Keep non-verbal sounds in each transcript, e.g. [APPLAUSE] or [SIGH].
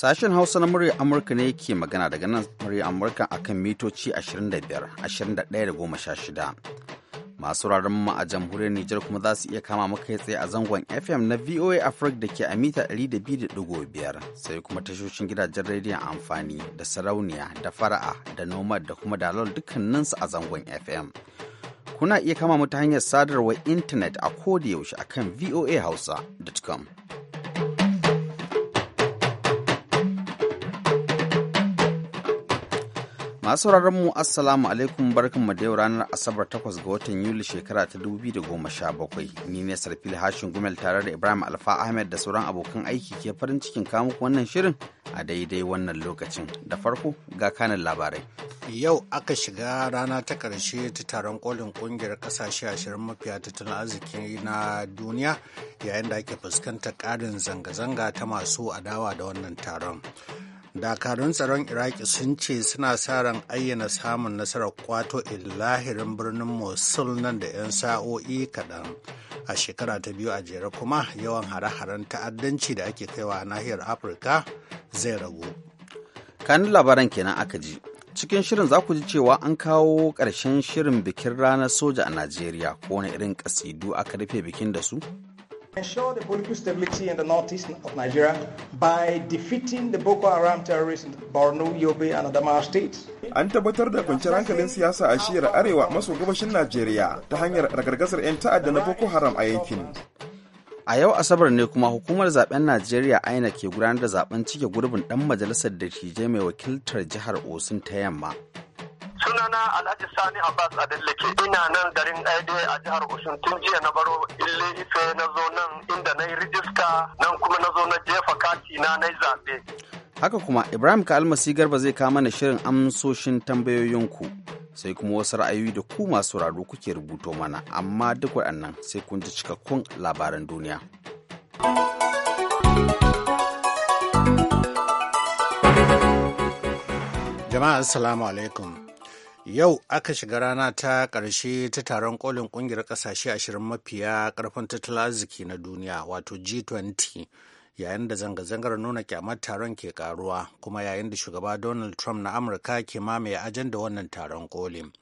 Sashen Hausa na murya Amurka ne ke magana daga nan murya Amurka akan mitoci 25, 21 Masu wuraren mu a jamhuriyar Nijar kuma za su iya kama maka tsaye a zangon FM na VOA Africa da ke a mita 200.5 sai kuma tashoshin gidajen rediyon amfani da sarauniya da fara'a da nomad da kuma dalol dukkaninsu a zangon FM. Kuna iya kama mu ta hanyar sadarwar intanet a kodayaushe akan voahausa.com. Masu mu Assalamu alaikum barkan mu da yau ranar Asabar 8 ga watan Yuli shekara ta 2017. Ni ne Sarfil Hashin Gumel tare da Ibrahim Alfa Ahmed da sauran abokan aiki ke farin cikin kamuku wannan shirin a daidai wannan lokacin. Da farko ga kanin labarai. Yau aka shiga rana ta karshe ta taron kolin ƙungiyar ƙasashe ashirin mafiya tattalin arziki na duniya yayin da ake fuskantar ƙarin zanga-zanga ta masu adawa da wannan taron. dakarun tsaron iraki sun ce suna sa ran ayyana samun nasarar kwato lahirin birnin mosul nan da 'yan sa'o'i kaɗan a shekara ta biyu a jere kuma yawan hare-haren ta'addanci da ake kaiwa a nahiyar afirka zai ragu kan labaran kenan aka ji cikin shirin za ku ji cewa an kawo ƙarshen shirin bikin ranar soja a najeriya ko wani irin ƙasidu aka rufe bikin da su ensure the political stability in the northeast of Nigeria by defeating the Boko Haram terrorists in Borno, Yobe, and Adamawa states. An tabbatar da kwanciyar hankalin siyasa a shiyar arewa maso gabashin Najeriya ta hanyar ragargazar 'yan ta'adda na Boko Haram a yankin. A yau Asabar ne kuma hukumar zaben Najeriya aina ke gudanar da zaben cike gurbin dan majalisar da mai wakiltar jihar Osun ta yamma. sunana alhaji sani abbas adallake ina nan garin aide a jihar osun tun jiya na baro ille ife na zo nan inda na yi rijista nan kuma na zo na jefa kati na na zaɓe haka kuma ibrahim ka almasi garba zai kawo mana shirin amsoshin tambayoyinku sai kuma wasu ra'ayoyi da ku masu raro kuke rubuto mana amma duk waɗannan sai kun ji cikakkun labaran duniya jama'a assalamu alaikum yau aka shiga rana ta ƙarshe ta taron kolin ƙungiyar ƙasashe ashirin mafiya ƙarfin tattalin arziki na duniya wato g20 yayin da zanga-zangar nuna kyamar taron ke karuwa kuma yayin da shugaba donald trump na amurka ke mamaye ajanda wannan taron kolin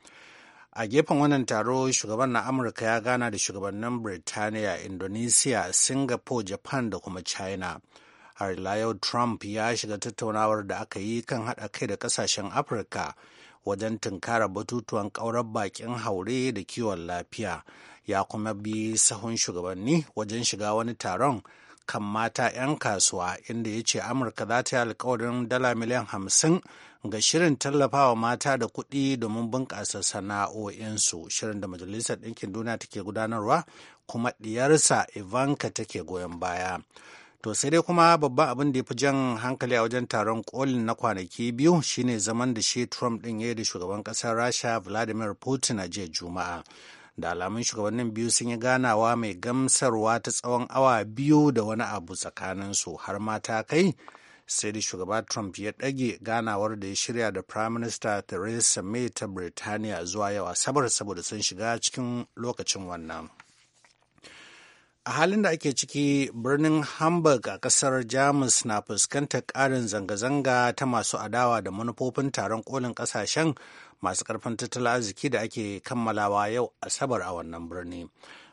a gefen wannan taro shugaban na amurka ya gana da shugabannin birtaniya indonesia singapore japan da kuma china har ila yau trump ya shiga tattaunawar da aka yi kan haɗa kai da ƙasashen afirka wajen tunkara batutuwan ƙaurar bakin haure da kiwon lafiya ya kuma bi sahun shugabanni wajen shiga wani taron kan mata 'yan kasuwa inda ya ce amurka za ta yi alkawarin dala miliyan hamsin ga shirin tallafawa mata da kuɗi domin bunƙasa sana'o'insu shirin da majalisar ɗinkin duniya take gudanarwa kuma ɗiyarsa ivanka take goyon baya To sai dai kuma babban abin da ya fi jan hankali a wajen taron kolin na kwanaki biyu shine zaman da shi Trump ɗin ya yi da shugaban ƙasar Rasha Vladimir Putin a jiya Juma'a. Da alamun shugabannin biyu sun yi ganawa mai gamsarwa ta tsawon awa biyu da wani abu tsakanin su har ma ta kai sai da shugaba Trump ya ɗage ganawar da ya shirya da Prime Minister Theresa May ta Birtaniya zuwa yau Asabar saboda sun shiga cikin lokacin wannan. a halin da ake ciki birnin hamburg a kasar jamus na fuskantar ƙarin zanga-zanga ta masu adawa da manufofin taron kolin ƙasashen masu ƙarfin tattalin arziki da ake kammalawa yau asabar a wannan birni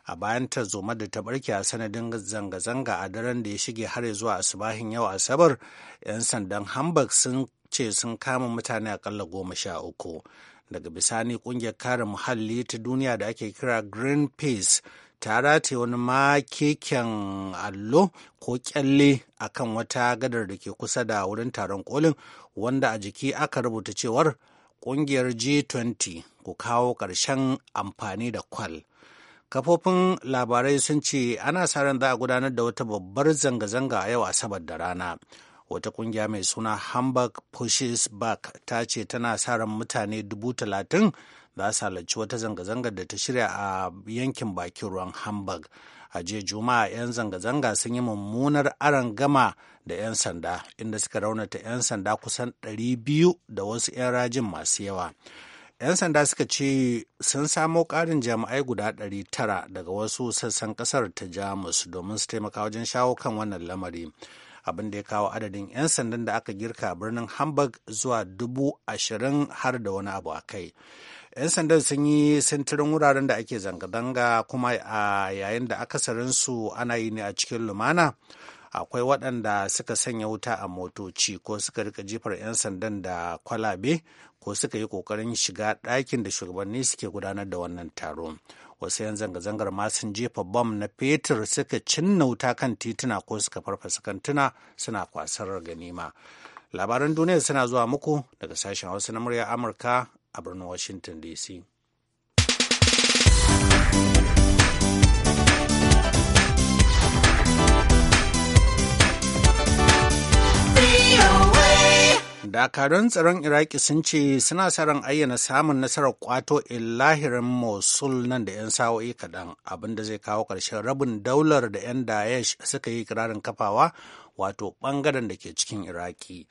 a bayan ta zoma da ta barke a sanadin zanga-zanga a daren da ya shige har zuwa asubahin yau asabar 'yan sandan hamburg sun ce sun kama mutane akalla goma sha uku daga bisani kungiyar kare muhalli ta duniya da ake kira greenpeace ta wani makeken allo ko kyalle a kan wata gadar da ke kusa da wurin taron kolin wanda a jiki aka rubuta cewar kungiyar g20 ku kawo ƙarshen amfani da kwal kafofin labarai sun ce ana sa ran za a gudanar da wata babbar zanga-zanga a yau asabar da rana wata kungiya mai suna hamburg pushes back ta ce tana sa ran mutane dubu talatin za su halarci wata zanga-zangar da ta shirya a yankin bakin ruwan hamburg a jiya juma'a 'yan zanga-zanga sun yi mummunar aron gama da 'yan sanda inda suka raunata 'yan sanda kusan 200 da wasu 'yan rajin masu yawa 'yan sanda suka ce sun samo ƙarin jami'ai guda 900 daga wasu sassan ƙasar ta jamus domin su taimaka wajen shawo kan wannan lamari abin da ya kawo adadin 'yan sandan da aka girka birnin hamburg zuwa dubu ashirin har da wani abu a kai 'yan sandan sun yi sintirin wuraren da ake zanga-zanga kuma a yayin da akasarin su ana yi ne a cikin lumana akwai waɗanda suka sanya wuta a motoci ko suka rika jifar 'yan sandan da kwalabe ko suka yi ƙoƙarin shiga ɗakin da shugabanni suke gudanar da wannan taro wasu 'yan zanga-zangar ma sun jefa bom na fetur suka cinna wuta kan tituna ko suka farfasa kantuna suna kwasar ganima labaran duniya suna zuwa muku daga sashen hausa na murya amurka a birnin washington dc dakarun tsaron iraki sun ce suna sa ran ayyana samun nasarar kwato lahirin mosul nan da 'yan sa'o'i kaɗan abinda zai kawo ƙarshen rabin daular da 'yan daesh suka yi kirarin kafawa wato ɓangaren da ke cikin iraki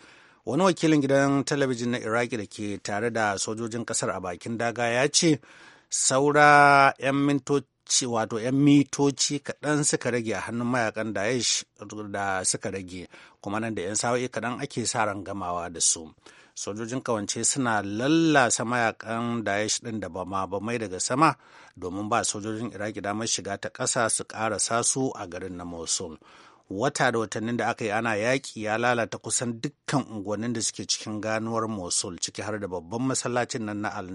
wani wakilin gidan talabijin na iraki da ke tare da sojojin kasar a bakin daga ya ce saura 'yan mintoci wato 'yan mitoci kaɗan suka rage a hannun mayakan daesh da suka rage kuma nan da 'yan sa'o'i kaɗan ake sa ran gamawa da su sojojin kawance suna lallasa mayakan daesh ɗin da ba bamai daga sama domin ba sojojin iraki damar shiga ta ƙasa su ƙarasa su a garin na mosul wata da watannin da aka yi ana yaƙi ya lalata kusan dukkan unguwannin da suke cikin ganuwar mosul ciki har da babban masallacin nan na al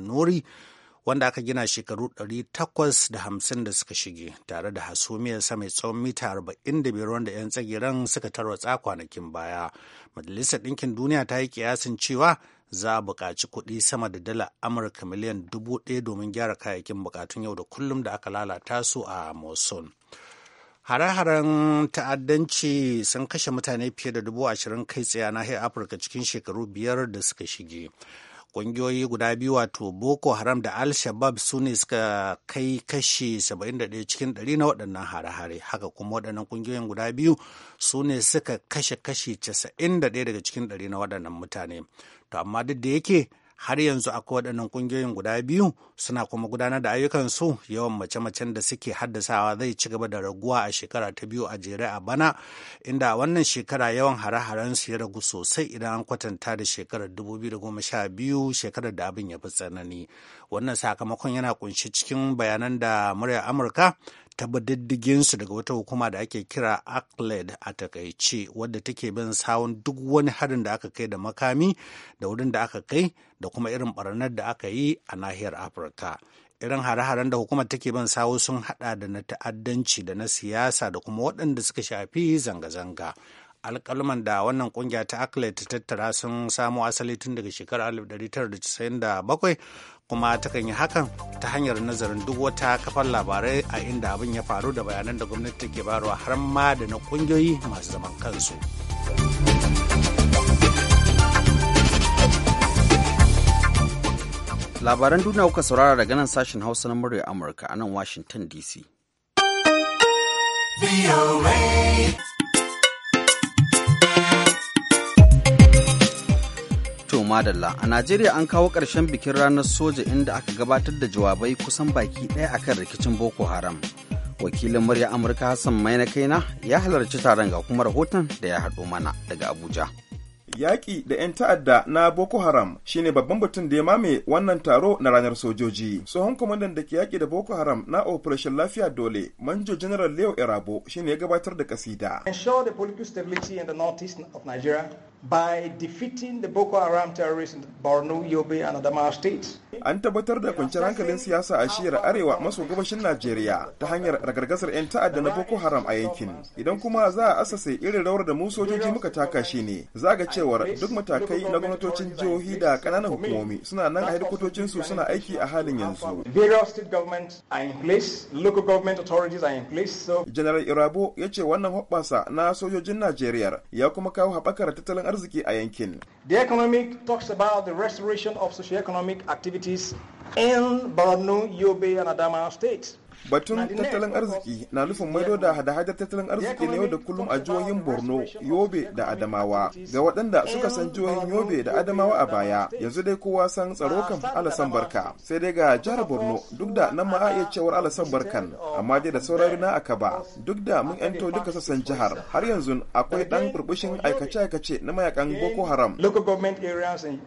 wanda aka gina shekaru 850 da suka shige tare da sa mai tsawon mita 45 wanda 'yan tsagiran suka tarwatsa kwanakin baya majalisar ɗinkin duniya ta yi kiyasin cewa za a buƙaci kuɗi sama da dala amurka miliyan dubu ɗaya domin gyara kayayyakin buƙatun yau da kullum da aka lalata su a mosul Hare-haren ta'addanci sun kashe mutane fiye da dubu ashirin kai tsaye a nahiyar Afirka cikin shekaru biyar da suka shige. Ƙungiyoyi guda biyu wato Boko Haram da Al-Shabab su ne suka kai kashi 71 cikin 100 na waɗannan hare-hare. Haka kuma waɗannan ƙungiyoyin guda biyu su ne suka kashe kashi 91 daga cikin 100 na waɗannan mutane. To amma duk da yake har yanzu akwai waɗannan ƙungiyoyin guda biyu suna kuma gudanar da ayyukansu yawan mace-macen da suke haddasawa zai ci gaba da raguwa a shekara ta biyu a jere a bana inda wannan shekara yawan hare-haren su ya ragu sosai idan an kwatanta da shekarar 2012 shekarar da abin ya fi tsanani wannan sakamakon yana kunshi cikin bayanan da muryar amurka su daga wata hukuma da ake kira acled a takaice wadda take bin sawun duk wani harin da aka kai da makami da wurin da aka kai da kuma irin barnar da aka yi a nahiyar afirka irin hare-haren da hukumar take bin sawo sun hada da na ta'addanci da na siyasa da kuma waɗanda suka shafi zanga-zanga alkaluman da wannan kungiya ta ta tattara sun samo asali tun daga shekarar 1997 kuma takan yi hakan ta hanyar nazarin duk wata kafar labarai a inda abin ya faru da bayanan da gwamnati ke barwa har ma da na kungiyoyi masu zaman kansu. labaran duniya kuka saurara daga nan sashen hausa na murya amurka a nan washington dc madalla a najeriya an kawo ƙarshen bikin ranar soja inda aka gabatar da jawabai kusan baki ɗaya akan rikicin boko haram wakilin murya amurka hassan mai na kaina ya halarci taron ga kuma rahoton da ya haɗo mana daga abuja yaƙi da 'yan ta'adda na Boko Haram shine babban batun da ya mame wannan taro na ranar sojoji. Tsohon kwamandan da ke yaƙi da Boko Haram na Operation Lafiya Dole, Manjo General Leo Erabo shine ya gabatar da kasida. the political stability in of Nigeria by defeating the Boko Haram terrorists in Borno, Yobe and Adama states. An tabbatar da kwanciyar hankalin siyasa a shiyar arewa maso gabashin Najeriya ta hanyar ragargazar 'yan ta'adda na Boko Haram a yankin. Idan kuma za a asase irin rawar da mu sojoji muka taka shi ne, za ga cewar duk matakai na gwamnatocin jihohi da kananan hukumomi suna nan a hedkwatocin su suna aiki a halin yanzu. General Irabo ya ce wannan hoɓɓasa na sojojin Najeriya ya kuma kawo haɓakar tattalin arziki a yankin. The economic talks about the restoration of socio-economic activities in Borno, Yobe, and Adama states. batun tattalin arziki na nufin maido da hada-hadar tattalin arziki na yau da kullum a eh, jihohin borno yobe da adamawa ga waɗanda suka san jihohin yobe da adamawa a baya yanzu dai kowa san tsaro ah, kan alasan barka sai dai ga jihar borno duk da nan ma a iya cewar alasan barkan amma dai da sauran na aka ba duk da mun yanto duka sassan jihar har yanzu akwai ɗan burbushin aikace-aikace na mayakan boko haram local government areas in,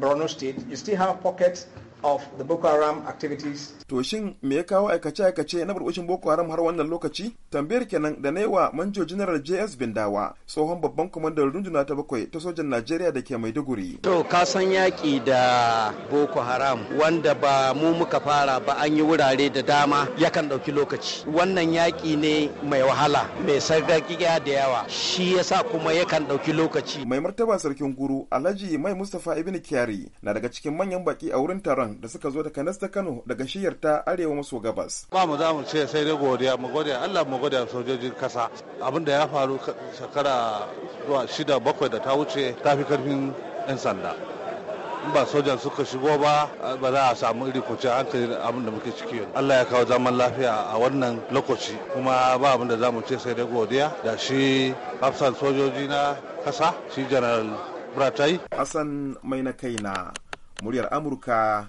borno state you still have pockets of the Boko Haram activities. To shin me ya kawo aikace-aikace na burbushin Boko Haram har wannan lokaci? Tambayar kenan da na yi wa Manjo General JS Bindawa, tsohon babban kwamandan runduna ta bakwai ta sojan Najeriya da ke Maiduguri. To ka san yaƙi da Boko Haram wanda ba mu muka fara ba an yi wurare da dama yakan ɗauki lokaci. Wannan yaƙi ne mai wahala, mai sargagiya da yawa. Shi yasa kuma yakan ɗauki lokaci. Mai martaba sarkin guru Alhaji Mai Mustapha Ibn Kyari na daga cikin manyan baki a wurin taron da suka zo daga Nas ta Kano daga shiyar ta arewa maso gabas. Ba mu za mu ce sai dai godiya mu godiya Allah mu godiya sojojin kasa abin ya faru shekara zuwa shida bakwai da ta wuce ta fi karfin 'yan sanda. in ba sojan suka shigo ba ba za a samu iri kuce hankali da abin da muke ciki yanzu Allah ya kawo zaman lafiya a wannan lokaci kuma ba abin da zamu ce sai dai godiya da shi hafsan sojoji na kasa shi general Bratai Hassan mai na kai na muryar Amurka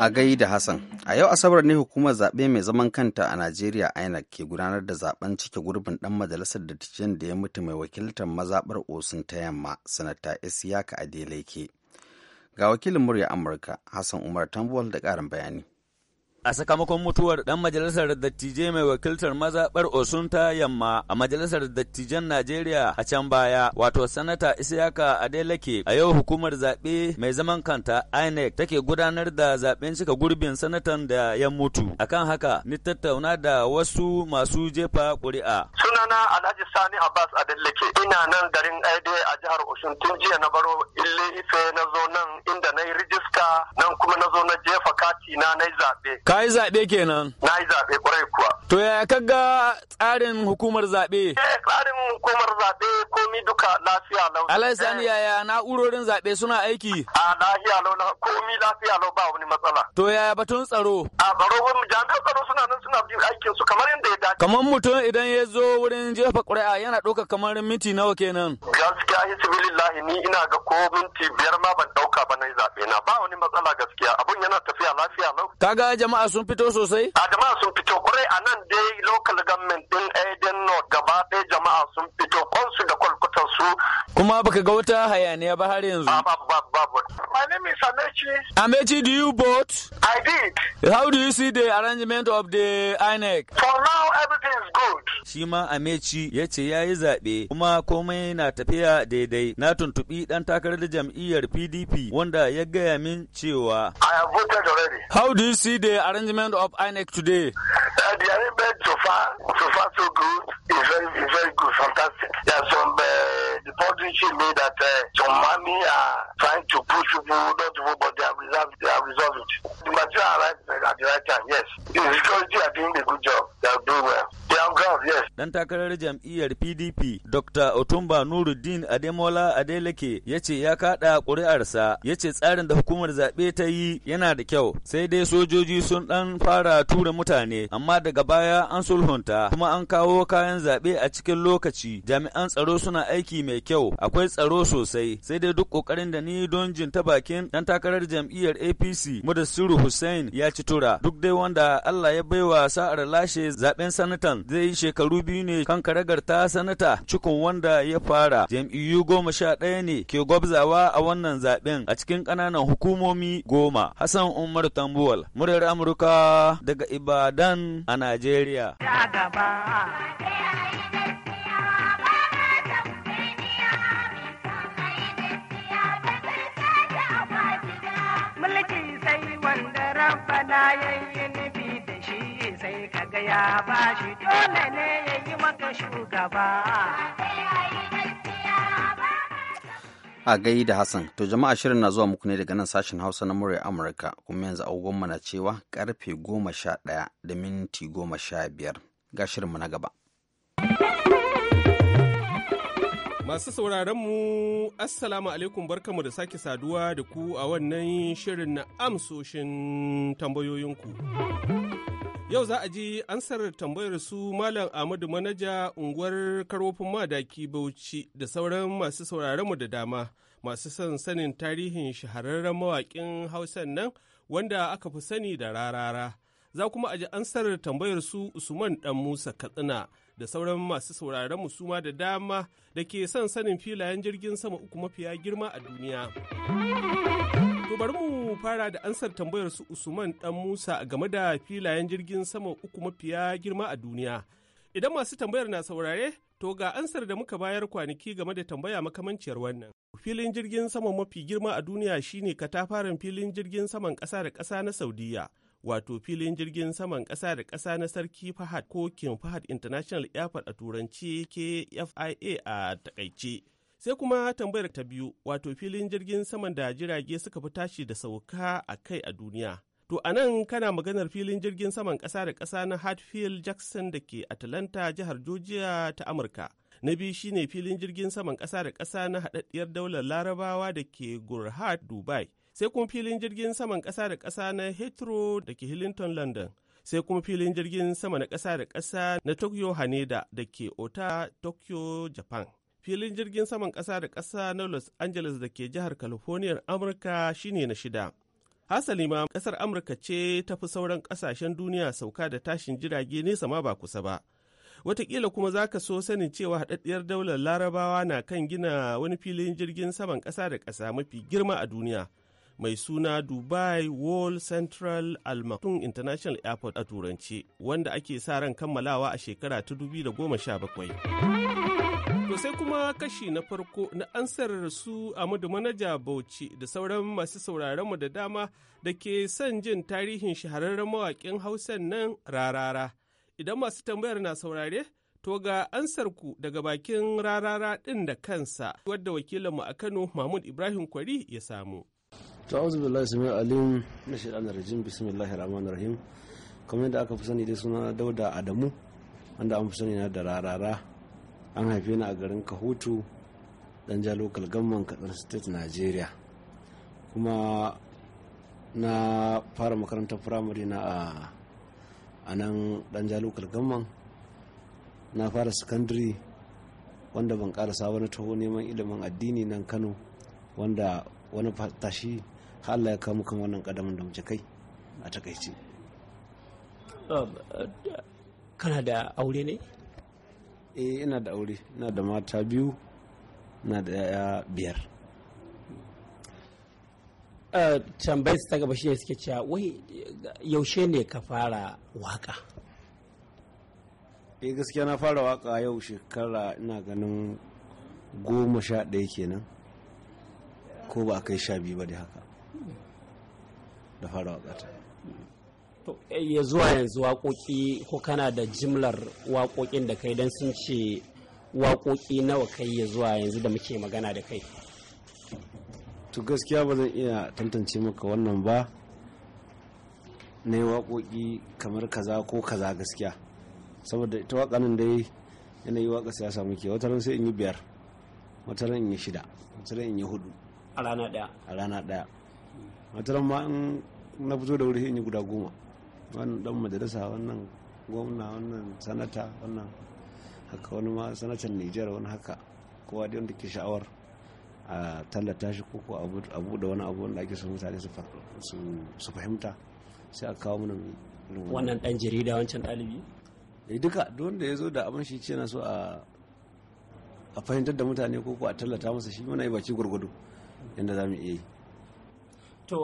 Agai da Hassan, a yau Asabar ne hukumar zaɓe mai zaman kanta a Najeriya INEC ke gudanar da zaben cike gurbin ɗan majalisar dattijan da ya mutu mai wakiltar mazaɓar Osun ta yamma, Sanata Isiyaka Adeleke. Ga wakilin murya Amurka, Hassan Umar Tambuwal da ƙarin bayani. A sakamakon mutuwar ɗan majalisar dattijai mai wakiltar mazaɓar Osunta Yamma a majalisar dattijan Najeriya a can baya, wato Sanata Isiyaka Adeleke a yau hukumar zaɓe mai zaman kanta INEC take gudanar da zaɓen cika gurbin sanatan da ya mutu. Akan haka, ni tattauna da wasu masu jefa ƙuri'a. sunana Alhaji Sani Abbas Adallake ina nan garin Aide a jihar Osun tun jiya na baro ille Ife na zo nan inda na yi rijista nan kuma na zo na jefa kati na na yi zaɓe. Ka yi zaɓe kenan? Na yi zaɓe ƙwarai kuwa. To yaya ka ga tsarin hukumar zaɓe? Eh tsarin hukumar zaɓe komi duka lafiya lau. Alhaji Sani eh. yaya na'urorin zaɓe suna aiki? A lafiya lau komi lafiya lau ba wani matsala. To yaya batun tsaro? A tsaro jami'an tsaro suna nan suna bin su kamar yadda ya dace. Kamar mutum idan ya zo wuri. wurin jefa ƙuri'a yana ɗauka kamar minti nawa kenan. Gaskiya hisbilillahi ni ina ga ko minti biyar ma ban ɗauka ba na zaɓe na ba wani matsala gaskiya abun yana tafiya lafiya lau. Kaga jama'a sun fito sosai? A jama'a sun fito ƙwarai a nan dai local government ɗin Aden North gaba ɗaya jama'a sun fito kwansu da kwalkutan su. Kuma baka ga wata hayaniya ba har yanzu? Ba ba ba ba. My name is Amechi. Amechi, do you vote? I did. How do you see the arrangement of the INEC? For now everything is good. Shi ma meci ya ce ya yi zaɓe kuma komai na tafiya daidai. Na tuntuɓi ɗan takarar jam'iyyar PDP wanda ya gaya min cewa. I have voted already. How do you see the arrangement of INEC today? Uh, the arrangement so far, so far so good. is very, is very good, fantastic. There are some uh, politicians made that uh, some money are trying to push people not to vote, but they have resolved, they have resolved it. The material arrived uh, at the right time, yes. The security are doing a good job. They are doing well. They are ground, yes. Dan takarar jam'iyyar PDP, Dr. Otumba Nuruddin Ademola Adeleke ya ce ya kaɗa ƙuri'arsa, ya ce tsarin da hukumar zaɓe ta yi yana da kyau, sai dai sojoji sun ɗan fara tura mutane, amma daga baya an sulhunta, kuma an kawo kayan zaɓe a cikin lokaci, jami'an tsaro suna aiki mai kyau. kyau akwai tsaro sosai sai dai duk kokarin da ni don jin ta bakin dan takarar jam'iyyar APC Mudassiru Hussein ya ci tura duk dai wanda Allah ya baiwa sa'ar lashe zaben sanatan zai yi shekaru biyu ne kan karagar ta sanata cikin wanda ya fara jam'iyyu goma sha ɗaya ne ke gwabzawa a wannan zaben a cikin ƙananan hukumomi goma Hassan Umar Tambuwal Murar Amurka daga Ibadan a Najeriya. rabbana yayi nufi da shi sai kaga ya shi dole ne yayi maka shugaba a gai da Hassan to jama'a shirin na zuwa muku ne daga nan sashen Hausa na murya Amurka kuma yanzu agogon na cewa karfe goma sha ɗaya da minti goma sha biyar ga shirinmu na gaba. Masu sauraronmu, Assalamu alaikum barkamu da sake saduwa da ku a wannan shirin na amsoshin tambayoyinku. Yau za a ji ansar tambayar su Malam Ahmadu Manaja unguwar karofin madaki Bauchi da sauran masu sauraronmu da dama masu son sanin tarihin shahararren mawaƙin hausa nan wanda aka fi sani da rarara. Za kuma a ji ansar tambayar su Usman Dan Musa Katsina da sauran masu sauraron suma da dama da ke son sanin filayen jirgin sama uku mafiya girma a duniya. To bari mu fara da ansar tambayar su Usman Dan Musa game da filayen jirgin sama uku mafiya girma a duniya. Idan masu tambayar na saurare, to ga ansar da muka bayar kwanaki game da tambaya makamanciyar wannan. Filin jirgin sama mafi girma a duniya shine katafaren filin jirgin saman ƙasa da ƙasa na Saudiyya. wato filin jirgin saman ƙasa da ƙasa na sarki fahad ko king fahad international airport a turanci ke fia a takaice sai kuma tambayar ta biyu wato filin jirgin saman da jirage suka fi tashi da sauka a kai a duniya to a nan kana maganar filin jirgin saman ƙasa da kasa na hartfield jackson da ke atlanta jihar georgia ta amurka na biyu shine filin jirgin saman ƙasa da ƙasa na haɗaɗɗiyar daular larabawa da ke gurhat dubai sai kuma filin jirgin saman kasa da ƙasa na Heathrow da ke Hillington, London, sai kuma filin jirgin sama na ƙasa da ƙasa na Tokyo Haneda da ke Ota, Tokyo, Japan. Filin jirgin saman ƙasa da ƙasa na Los Angeles da ke jihar California, Amurka shine na shida. Hasali ma ƙasar Amurka ce ta fi sauran ƙasashen duniya sauka da tashin jirage nesa ma ba kusa ba. watakila kuma za ka so sanin cewa haɗaɗɗiyar daular larabawa na kan gina wani filin jirgin saman ƙasa da ƙasa mafi girma a duniya mai suna Dubai World Central Al International Airport a Turance, wanda ake sa ran kammalawa a shekara ta 2017. To sai kuma kashi na farko na ansar su Amadu Manaja Bauchi da sauran masu mu da dama da ke son jin tarihin shahararren mawaƙin Hausan nan rarara. Idan masu tambayar na saurare, to ga ku daga bakin rarara ɗin da kansa wadda wakilinmu a Kano Mahmud Ibrahim Kwari ya samu. ta'uzu billahi sami alim na shaidan rajim bismillahi rahman rahim kamar yadda aka fi sani dai suna dauda adamu wanda an fi sani na da rarara an haife ni a garin kahutu dan ja local gamman state nigeria kuma na fara makarantar firamare na a nan dan ja local gamman na fara secondary wanda ban karasa wani taho neman ilimin addini nan kano wanda wani tashi har Allah ya kawo muka wannan kadamin da muke kai a takaici um, kana da aure ne eh ina da aure ina da mata biyu ina da ya biyar uh, su ta gaba shi ne suke cewa wai yaushe ne ka fara waka eh gaskiya na fara waka yau shekara ina ganin goma sha ɗaya kenan ko ba kai sha biyu ba da haka da fara wakata to eh, ya zuwa yanzu waƙoƙi ko kana da jimlar waƙoƙin da kai don sun ce waƙoƙi nawa kai ya zuwa yanzu da muke magana da kai to gaskiya ba zan iya tantance maka wannan ba na yi waƙoƙi kamar kaza ko kaza gaskiya saboda ita waƙa nan dai yanayi waƙa siyasa muke wata ran sai in yi biyar wata ran in yi shida wata ran in yi hudu a rana ɗaya a rana ɗaya a ma in na fito da wuri in yi guda goma wannan dan majalisa wannan gwamna wannan sanata wannan haka wani ma sanatan nijar wani haka kowa da wanda ke sha'awar a tallata shi ko ko abu da wani abu wanda ake so mutane su fahimta sai a kawo mana wannan dan jarida wancan dalibi ɗalibi eh, duka duk wanda ya zo da abin shi ce na so a a fahimtar da mutane ko ko a tallata masa shi muna yi baci gwargwado yadda za mu iya yi to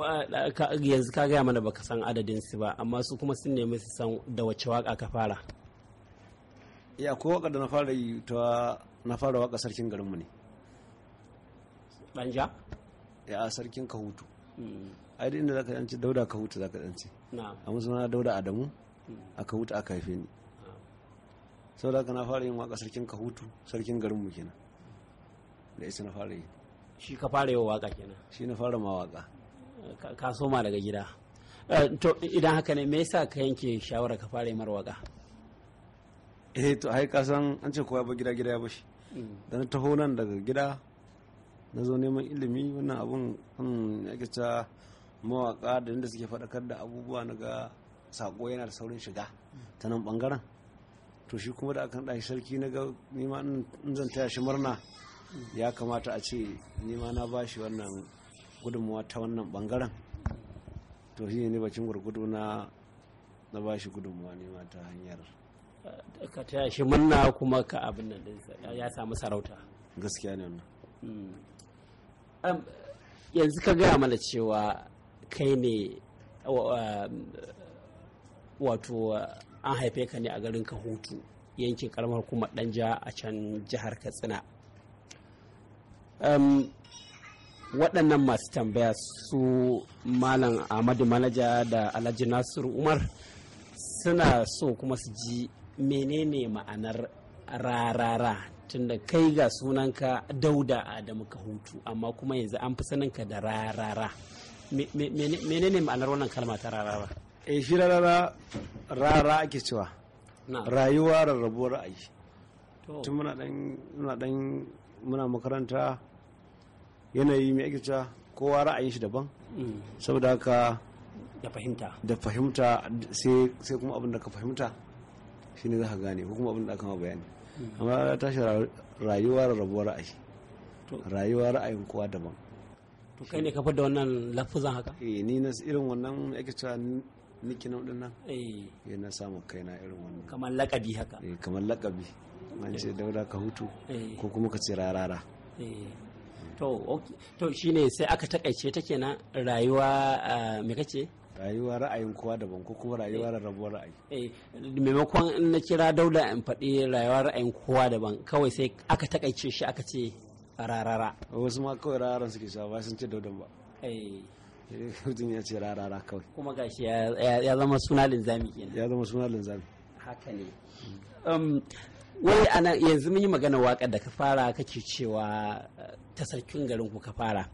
yanzu ka gaya mana baka san adadin su ba amma su kuma sun nemi su san da wace waka ka fara ya ko waka da na fara yi ta na fara waka sarkin garinmu ne banja ya sarkin kahutu hmm. ai da inda zaka yanci dauda kahutu zaka yanci a musu na dauda adamu hmm. a kahutu aka haife ni sau da na fara yin waka sarkin kahutu sarkin garinmu kenan da isa na fara yi shi ka fara yi waka kenan shi na fara ma waka ka soma daga gida eh, to idan haka ne me yasa ka yanke shawara ka fara mar waka eh to ai ka san an ce kowa ba gida gida ya bashi mm. da na taho nan daga gida na zo neman ilimi wannan abun yake hmm, ta mawaka da inda suke faɗakar da abubuwa na ga sako yana da saurin shiga ta nan bangaren to shi kuma da akan ɗaki sarki na ga nima in zan taya shi murna ya kamata a ce nima na bashi wannan gudunmuwa ta wannan bangaren to shi ne bacin gurgudu na na ba shi gudunmuwa ne ma ta hanyar eh, ka ta shi munna kuma ka abin nan ya samu sarauta gaskiya ne wannan hmm. yanzu ka gaya mana cewa kai ne wato an haife ka ne a garin ka hutu yankin karamar kuma danja a can jihar katsina waɗannan masu tambaya su malam ahmadu manaja da alhaji nasiru umar suna so kuma su ji menene ma'anar rarara tunda kai ga sunanka dauda adamu ka hutu amma kuma yanzu an fi saninka da rarara menene ma'anar wannan kalma ta rarara E, shi rarara rara ake cewa rayuwa rarrabuwar ra'ayi tun muna dan muna makaranta yanayi mai ake cewa kowa ra'ayin shi daban mm. saboda haka da fahimta da fahimta sai kuma abin da ka fahimta shi ne za ka gane ko kuma abin da aka ma bayani mm. amma tashi rayuwa da rabuwar ra'ayi rayuwa ra'ayin kowa daban to kai ne ka fada wannan lafuzan haka eh ni na irin wannan mai ake cewa niki na nan eh. eh na samu kaina irin wannan kamar lakabi haka eh kamar lakabi an ce eh. daura ka hutu eh. ko kuma ka ce rarara eh to to shine sai aka takaice ta kenan rayuwa me kace rayuwa ra'ayin kowa daban ko kuma rayuwa rabuwar ra'ayi eh, eh maimakon in na kira daula in faɗi rayuwa ra'ayin kowa daban kawai sai aka takaice shi aka ce rarara wasu ma kawai rararan suke sha ba sun ce daudan ba eh [LAUGHS] mutum ya ce rarara kawai kuma gashi ya zama suna linzami kenan ya zama suna linzami haka ne um, wai ana yanzu mun yi magana waƙar da ka fara kake cewa ta sarkin garin ka fara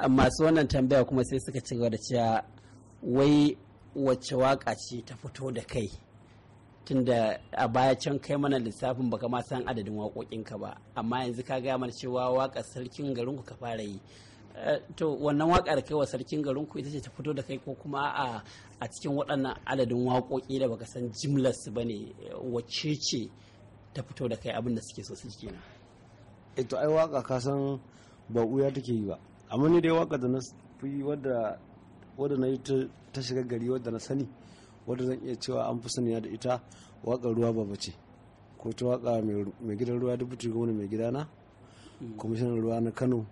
ah, masu wannan tambaya kuma sai suka ci gaba da cewa wai wacce waka ce ta fito da kai tunda a baya can kai mana lissafin baka ma san adadin wakokin ka ba amma yanzu ka gaya mana cewa waka sarkin garinku ka fara yi eh, to wannan waƙar kai wa sarkin garinku ita ce ta fito da kai ko kuma a a cikin waɗannan adadin wakoki da baka san jimlar su bane wacce ce ta fito da kai abin da suke so su kenan Eh, to ai waka ka san ba wuya take yi ba amma ni dai waka da na fi wadda wadda na yi ta shiga gari wadda na sani wadda zan iya cewa an fi saniya da ita waka ruwa ba ce ko ta waka mai gidan ruwa dubutu gwamna mai gidana hmm. kwamishinan ruwa na kano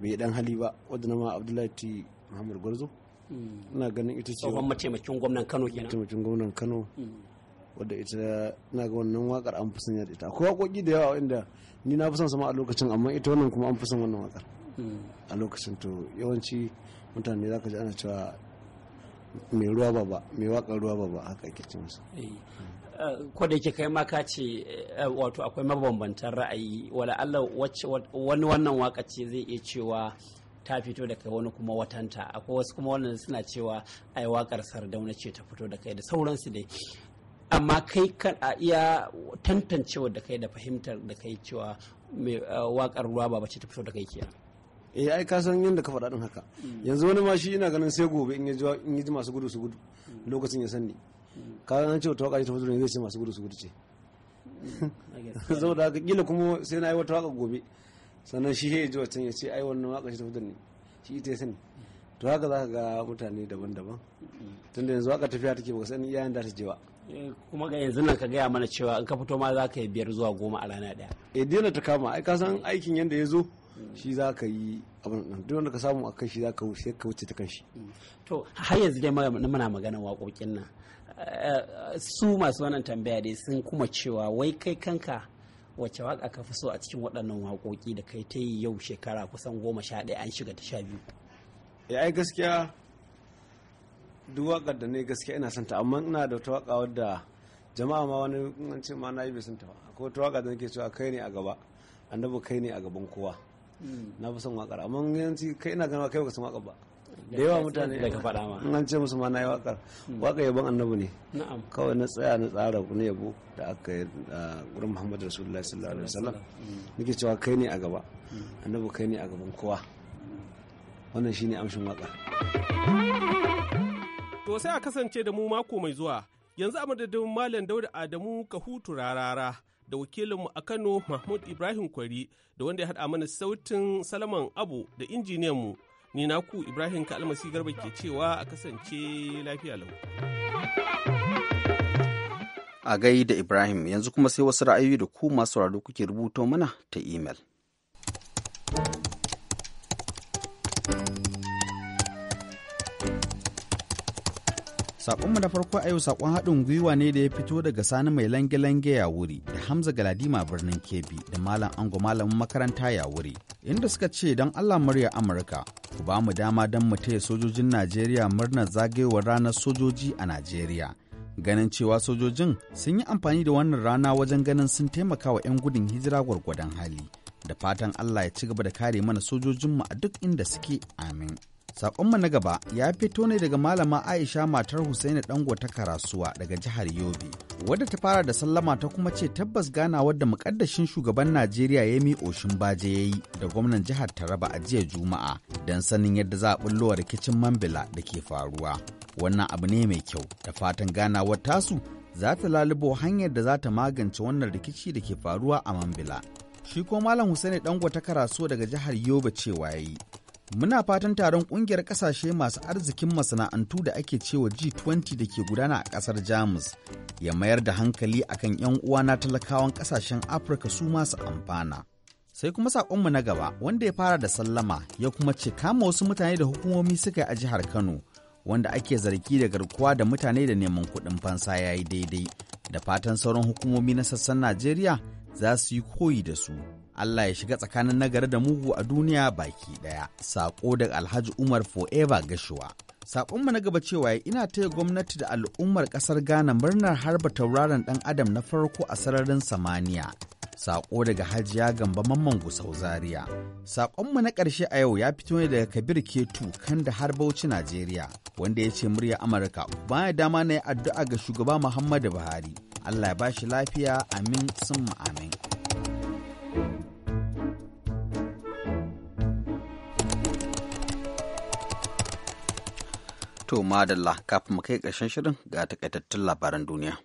bai dan hali ba wadda na ma abdullahi muhammad gwarzo hmm. ina ganin ita ce tsohon mataimakin gwamnan kano kenan mataimakin gwamnan kano hmm. wadda ita na ga wannan wakar an fi sanya da ita akwai wakoki da yawa inda ni na fi son sama a lokacin amma ita wannan kuma an fi son wannan wakar a lokacin to yawanci mutane za ka ji ana cewa mai ruwa ba ba mai wakar ruwa ba ba haka ake ce masa eh, ko da yake kai ma ka ce eh, wato akwai mabambantan ra'ayi wala Allah wani wannan waka ce zai iya cewa ta fito da kai wani kuma watanta akwai wasu kuma wannan suna cewa ai wakar sardauna ce ta fito da kai da sauransu dai amma kai ka a iya tantancewa da kai da fahimtar da kai cewa eh, wakar ruwa ba bace ta fito da kai kiya eh ai ka san yadda ka faɗa din haka yanzu wani ma shi ina ganin sai gobe in ya ji masu gudu su gudu lokacin ya sanni ka san cewa tawaka ta fito ne zai ce masu gudu su gudu ce [LAUGHS] saboda haka kila kuma sai na yi wata waka gobe sannan shi ya ji wancan ya ce ai wannan waka shi ta fito ne shi ita ya sani to haka za ka ga mutane daban-daban tunda yanzu waka tafiya take baka san iyayen da ta je ba Eh, kuma ga yanzu nan ka gaya mana cewa in ka fito ma za ka yi biyar zuwa goma a rana ɗaya. e eh, dole ta kama ai ka san aikin yadda ya zo shi za ka yi abin nan duk wanda ka samu a kan shi za ka wuce ta kan shi. to har yanzu dai muna magana waƙoƙin nan eh, su masu wannan tambaya dai sun kuma cewa wai kai kanka wace waƙa ka fi so a cikin waɗannan waƙoƙi da kai ta yi yau shekara kusan goma sha ɗaya an shiga ta sha biyu. ai gaskiya duk da ne gaskiya ina santa amma ina da wata waka wadda jama'a ma wani an ce ma na yi bai santa ba ko wata waka da nake cewa kai ne a gaba annabi kai ne a gaban kowa hmm. na fi son wakar amma yanci kai ina ganin kai baka san waƙar ba da yawa mutane da ka faɗa ma an ce musu ma na yi wakar hmm. waka yabon annabi ne kawai na tsaya na tsara ku ne yabo da aka yi a gurin muhammadu rasulullah sallallahu alaihi wasallam nake cewa kai ne a gaba hmm. annabi kai ne a gaban kowa wannan shine amshin thank [LAUGHS] you To sai a kasance da mu mako mai zuwa, yanzu a madadin Malam Dauda Adamu ka hutu Rarara da wakilinmu a Kano Mahmud Ibrahim Kwari da wanda ya haɗa mana sautin Salaman Abu da injiniyanmu ni naku Ibrahim Kalmasi Garba ke cewa a kasance lafiya lau. A gai da Ibrahim yanzu kuma sai wasu ra'ayoyi da ku masu rado kuke rubuto mana ta imel. Sakonmu na farko a yau sakon haɗin gwiwa ne da ya fito daga sani mai lange-lange ya wuri da Hamza Galadima birnin Kebbi da Malam Ango malamin makaranta ya wuri inda suka ce don Allah murya Amurka ku ba mu dama don mu taya sojojin Najeriya murnar zagayowar ranar sojoji a Najeriya. Ganin cewa sojojin sun yi amfani da wannan rana wajen ganin sun taimaka wa 'yan gudun hijira gwargwadon hali. Da fatan Allah ya ci gaba da kare mana sojojinmu a duk inda suke amin. Sakonmu na gaba ya fito ne daga malama Aisha matar Husaini Dango ta Karasuwa daga jihar Yobe, wadda ta fara da sallama ta kuma ce tabbas gana wadda mukaddashin shugaban Najeriya ya Yemi Oshin Baje ya yi da gwamnan jihar Taraba a jiya Juma'a don sanin yadda za a bullowa rikicin Mambila da ke faruwa. Wannan abu ne mai kyau da fatan ganawar tasu za ta lalubo hanyar da za ta magance wannan rikici da ke faruwa a Mambila. Shi ko Malam Husaini Dango ta Karasuwa daga jihar Yobe cewa ya yi Muna fatan taron kungiyar kasashe masu arzikin masana'antu da ake cewa G20 da ke gudana a kasar Jamus ya mayar da hankali a kan 'yan uwa na talakawan kasashen Afirka su masu amfana. Sai kuma saƙonmu na gaba wanda ya fara da sallama ya kuma ce kama wasu mutane da hukumomi suka yi a jihar Kano wanda ake zargi da garkuwa da mutane da neman kuɗin fansa ya yi daidai da fatan sauran hukumomi na sassan Najeriya za su yi koyi da su. Allah ya shiga tsakanin nagari da mugu a duniya baki ɗaya. Sako daga Alhaji Umar Forever Gashuwa. mu na gaba cewa ina taya gwamnati da al'ummar ƙasar Ghana murnar harba tauraron ɗan Adam na farko a sararin samaniya. sako daga Hajiya Gamba Mamman Gusau Zaria. Saƙonmu na ƙarshe a yau ya fito ne daga Kabir Ketu kan da har Bauchi Najeriya, wanda ya ce murya Amurka baya dama na yi addu'a ga shugaba Muhammadu Buhari. Allah ya ba shi lafiya amin sun amin. To madalla kafin mu kai ƙarshen shirin ga takaitattun labaran duniya.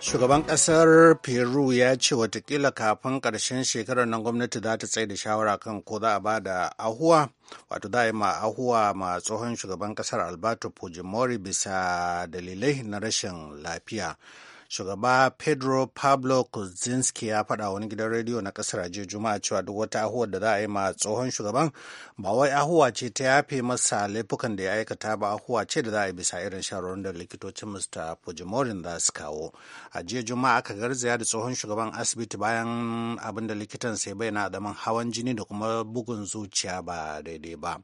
Shugaban ƙasar Peru ya ce watakila kafin ƙarshen shekarar nan gwamnati za ta tsaye da shawara kan ko za a ba da ahuwa, wato za a yi ma ahuwa ma tsohon shugaban ƙasar Alberto Fujimori bisa dalilai na rashin lafiya. shugaba pedro pablo kuzinski ya faɗa wani gidan rediyo na ƙasar jiya juma'a cewa duk wata ahuwar da za a yi ma tsohon shugaban ba wai ahuwa ce ta yafe masa laifukan da ya aikata ba ahuwa ce da za a yi bisa irin shawarwarin da likitocin mr fujimorin za su kawo a jiya juma'a aka garzaya da tsohon shugaban asibiti bayan abin da likitan sai bayyana zaman hawan jini da kuma bugun zuciya ba daidai ba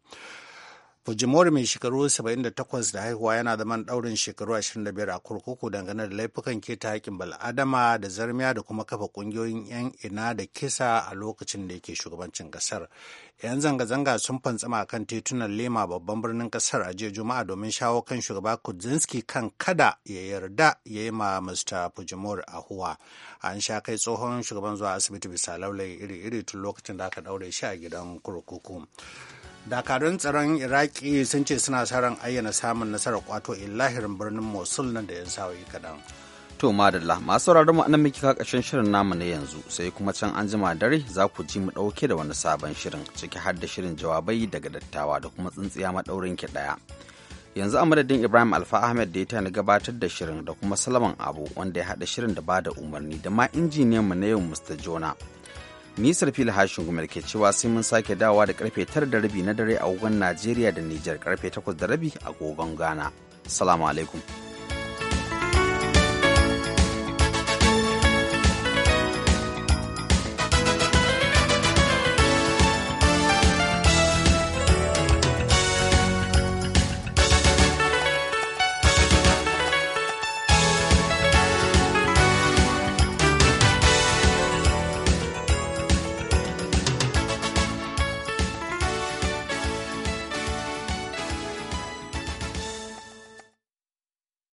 Fujimori mai shekaru 78 da haihuwa yana da man daurin shekaru 25 a kurkuku dangane da laifukan keta haƙƙin bal'adama da zarmiya da kuma kafa ƙungiyoyin 'yan ina da kisa a lokacin da yake shugabancin ƙasar. 'Yan zanga-zanga sun fantsama kan titunan Lema babban birnin ƙasar a jiya Juma'a domin shawo kan shugaba Kudzinski kan kada ya yarda ya yi ma Mr. Fujimori huwa An sha kai tsohon shugaban zuwa asibiti bisa laulayi iri-iri tun lokacin da aka daure shi a gidan kurkuku. dakarun tsaron iraki sun ce suna sa ran ayyana samun nasarar kwato illahirin birnin mosul nan da yan sa'o'i kaɗan to madalla masu sauraron mu anan muke ka ƙarshen shirin namu na yanzu sai kuma can an jima dare za ku ji mu ɗauke da wani sabon shirin ciki har da shirin jawabai daga dattawa da kuma tsintsiya maɗaurin ki ɗaya yanzu a madadin ibrahim alfa ahmed da ya tani gabatar da shirin da kuma salaman abu wanda ya haɗa shirin da ba da umarni da ma injiniyan mu na yau mr jona Nisar fil hashin gumar ke cewa sai mun sake dawa da karfe tara da rabi na dare a wugan Najeriya da Nijar karfe takwas da rabi a gogon Ghana. Salamu alaikum.